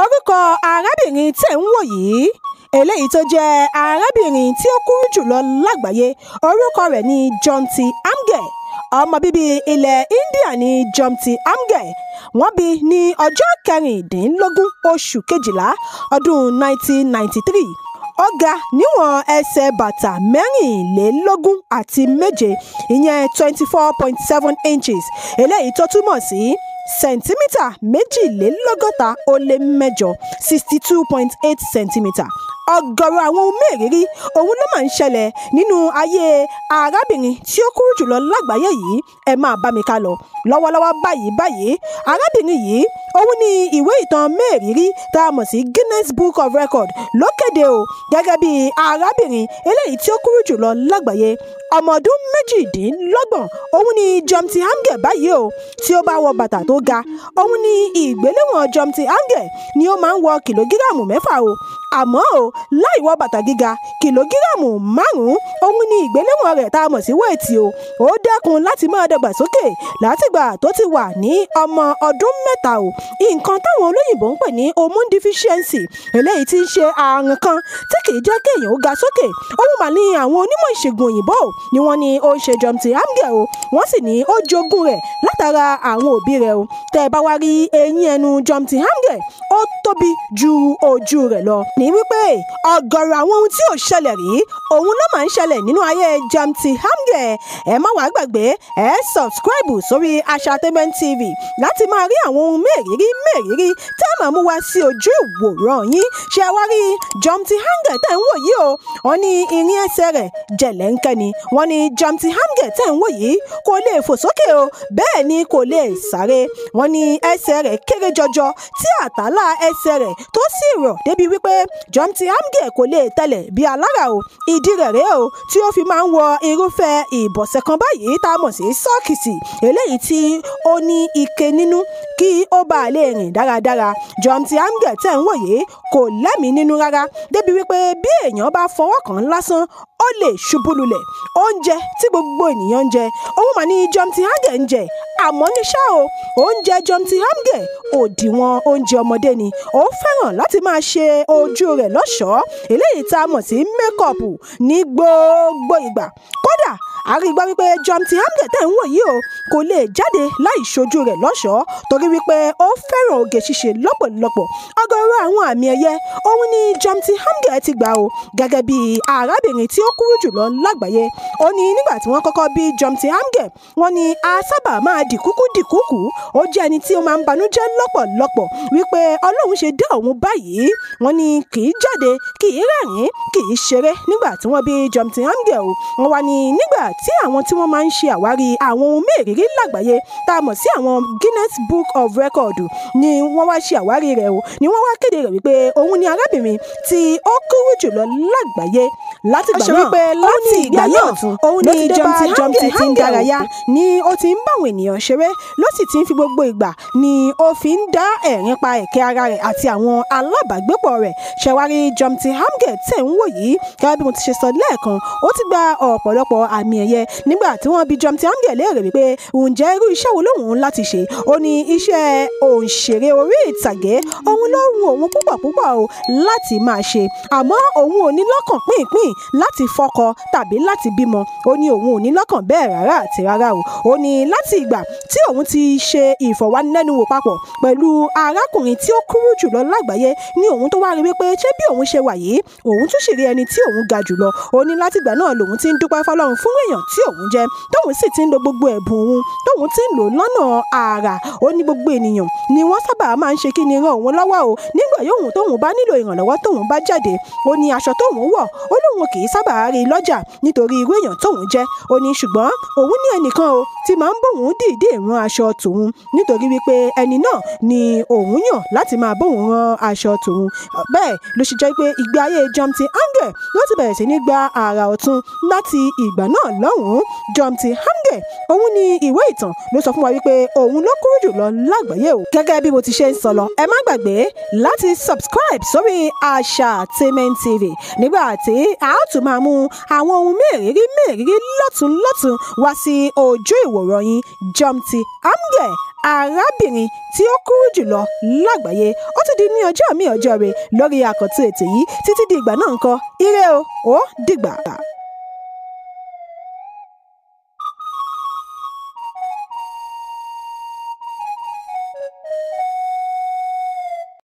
orúkọ arábìnrin tẹ̀ ń wò yìí eléyìí tó jẹ́ arábìnrin tí ó kúrú jùlọ lágbàáyé orúkọ rẹ̀ ní Jomti Amge ọmọ bíbí ilẹ̀ India ní Jomti Amge wọ́n bí ní ọjọ́ kẹrìndínlógún oṣù kejìlá ọdún 1993 ó ga níwọ̀n ẹsẹ̀ bàtà mẹ́rìnlélógún àti méje ìyẹn 24.7 inches eléyìí tó túmọ̀ sí. Si sẹ̀ǹtímítà méjìlélọ́gọ́ta ó lé mẹ́jọ sixty two point eight centimetre ọ̀gọ̀rọ̀ àwọn ohun mérìírí òun ló máa ń ṣẹlẹ̀ nínú ayé arábìnrin tí ó kúrú jùlọ lágbàáyé yìí ẹ máa bá mi ká lọ lọ́wọ́lọ́wọ́ báyìí báyìí arábìnrin yìí òun ni ìwé ìtàn mérìírí tá a mọ̀ sí Guinness Book of Record ló o gẹ́gẹ́ bí arábìnrin eléyìí tí ó kúrú jùlọ lágbàáyé ọmọ ọdún méjìdínlọ́gbọ̀n òun ni Jomti Amge báyìí o tí ó bá wọ bàtà tó ga òun ni ìgbéléwọ̀n Jomti Amge ni ó máa ń wọ kìlógíráàmù mẹ́fà o àmọ́ o láì wọ bàtà gíga kìlógíráàmù márùn-ún òun ni ìgbéléwọ̀n rẹ̀ tá a mọ̀ sí wéètì o ó dẹ́kun láti máa dàgbàsókè látìgbà tó ti wà ní ọmọ ọdún mẹ́ta o nǹkan táwọn olóyìnbó ń pè ní hormone deficiency eléyìí ti ń ṣe àrùn kan tí kì í jẹ́ kéèyàn ó ga sókè òun mà ní àwọn onímọ̀ ìṣègùn òyìnbó o ni wọ́n ní ó ń ṣe jọmtì amgẹ̀ o wọ́n sì ní ó jogún rẹ̀ látara àwọn òbí rẹ̀ o tẹ́ ẹ bá wá rí eyín ẹnu jọmtì amgẹ̀ ó tóbi ju ojú rẹ̀ lọ ní wípé ọ̀gọ̀rọ̀ àwọn ohun tí ò ṣẹlẹ̀ rí òun ló máa ń ṣẹlẹ̀ nínú ayé Jamti Hamge ẹ má wàá gbàgbé ẹ sọ̀bscribe sórí Asatainment TV láti máa rí àwọn ohun mẹ́rìírí mẹ́rìírí tá a máa mú wá sí ojú ìwòran yín ṣe wá rí Jamti Hamge tẹ̀ ń wò yìí o wọ́n ní irin ẹsẹ̀ rẹ̀ jẹ̀lẹ́ńkẹ́ ni wọ́n ní Jamti Hamge tẹ̀ ń wò yìí kò lè fò sókè o bẹ́ẹ̀ ni kò lè sáré wọ́n ní ẹsẹ̀ rẹ̀ kéré jọjọ tí àtàlà ẹsẹ̀ rẹ̀ tó sì rọ̀ débi wípé Jomti Amge kò lè tẹlẹ̀ bí alára o ìdí rẹ̀ rèé o tí ó fi máa ń wọ irúfẹ́ ìbọ̀sẹ̀ kan báyìí tá a mọ̀ sí sọ́ọ̀kìsì eléyìí tí ó ní ike nínú kí ó bàa lè rìn dáradára Jomti Amge tẹ̀ ń wò kò lẹ́mìí nínú rárá débi wípé bí èèyàn bá fọwọ́ kàn án lásán ó lè ṣubú lulẹ̀ oúnjẹ tí gbogbo ènìyàn ń jẹ òun mà ní Jomty Hange ń jẹ àmọ́ ní ṣá o oúnjẹ Jomty Hange òdiwọ̀n oúnjẹ ọmọdé ni ó fẹ́ràn láti máa ṣe ojú rẹ̀ lọ́ṣọ̀ọ́ eléyìí tá a mọ̀ sí mékọ̀pù ní gbogbo ìgbà kódà àrígbá wípé Jomty Hange tẹ̀ ń wò yìí o kò lè jáde láì ṣojú rẹ̀ lọ́ṣọ̀ọ́ torí wípé ó fẹ́ràn oge ṣíṣe lọ́pọ̀lọpọ̀ ọ̀gọ̀ọ̀rọ̀ àwọn àmì ẹ̀yẹ ayẹyẹ òun ni Jomti Hamdie ti gbà o gẹ́gẹ́ bí arábìnrin tí ó kúrú jùlọ lágbàáyé ó ní nígbà tí wọ́n kọ́kọ́ bí Jomti Hamdie wọ́n ní a sábà máa dìkúkú dìkúkú ó jẹ́ ẹni tí ó máa ń banújẹ́ lọ́pọ̀lọpọ̀ wípé Ọlọ́run ṣe dá òun báyìí wọ́n ní kì í jáde kì í rẹ́rìn kì í ṣeré nígbà tí wọ́n bí Jomti Hamdie o wọ́n wá ní nígbà tí àwọn tí wọ́n máa ń ṣe àwárí àwọn ohun mẹ́rìírí lágbàáyé tá a mọ̀ sí àwọn Guinness Book of Record ni wọ́n wá ṣe àwárí rẹ̀ o ni wọ́n wá kéde rẹ̀ wípé òun ni arábìnrin tí ó kúrú jùlọ lágbàáyé láti gbà wípé láti ìgbà náà òun ni jọmtì jọmtì ti ń dárayá ni ó ti ń báwọn ènìyàn ṣeré ló sì ti ń fi gbogbo ìgbà ni ó fi ń dá ẹ̀rín pa ẹ̀kẹ́ ara rẹ̀ àti àwọn alábàágbépọ̀ rẹ̀ ṣẹ̀wárí jọmtì hamgẹ̀ tẹ̀ ń wò yìí gẹ́gẹ́ bí mo ti ṣe sọ lẹ́ẹ̀kan ó ti gba ọ̀pọ̀lọpọ̀ àmì ẹ̀yẹ nígbà tí wọ́n bi jọmtì hamgẹ̀ léèrè wípé ǹjẹ́ irú iṣẹ́ wo lòun láti ṣe ó ní iṣẹ́ òǹṣeré orí ìtàgé òun ló wù òun púpọ̀ o láti máa ṣe àmọ́ òun ò ní lọ́kàn pínpín lọ́kàn láti fọ́kọ tàbí láti bímọ ó ní òun ò ní lọ́kàn bẹ́ẹ̀ rárá àti rárá o ó ní láti ìgbà tí òun ti ṣe ìfọ̀wánilẹ́nuwò papọ̀ pẹ̀lú arákùnrin tí ó kúrú jùlọ lágbàáyé ní òun tó wá rí wípé ṣé bí òun ṣe wà yìí òun tún sì ẹni tí òun ga jùlọ ó ní látìgbà náà lòun ti ń dúpẹ́ fọlọ́run fún èèyàn tí òun jẹ́ tóun sì ti ń lo gbogbo ẹ̀bùn òun tóun ti ń lò lọ́nà àrà ó ní gbogbo ènìyàn ni wọ́n sábà máa ń ṣe kí ni ran òun lọ́wọ́ o nígbà yóò tóun bá nílò ìrànlọ́wọ́ tóun bá jáde ó ní aṣọ tóun wọ̀ ó lóun òun kì í sábà rí i lọ́jà nítorí irú èèyàn tóun jẹ́ ó ní ṣùgbọ́n òun ní ẹnìkan o ti máa ń bóun dìídì ran aṣọ tòun nítorí wípé ẹni náà ni òun yàn láti máa bóun ran aṣọ tòun bẹ́ẹ̀ ló ṣe jẹ́ pé ìgbé ayé Jomty Hange ló ti bẹ̀rẹ̀ sí ní gba àrà ọ̀tun láti ìgbà náà lọ́hùn-ún Jomty Hange òun ni ìwé ìtàn ló sọ fún wa wípé òun ló kúrú jùlọ lágbàáyé o gẹ́gẹ́ bí mo ti ṣe ń sọ lọ ẹ má gbàgbé láti subscribe sórí Àṣà Tèmi TV nígbà tí a a ó tún máa mú àwọn ohun mérìírí mérìírí lọ́tún lọ́tún wá sí ojú ìwòran yín Jomty arábìnrin tí ó kúrú jùlọ lágbàáyé ó ti di ní ọjọ́ mi ọjọ́ rẹ̀ lórí àkọ́tún ètò yìí títí di ìgbà náà ń kọ́ ire o ó dìgbà.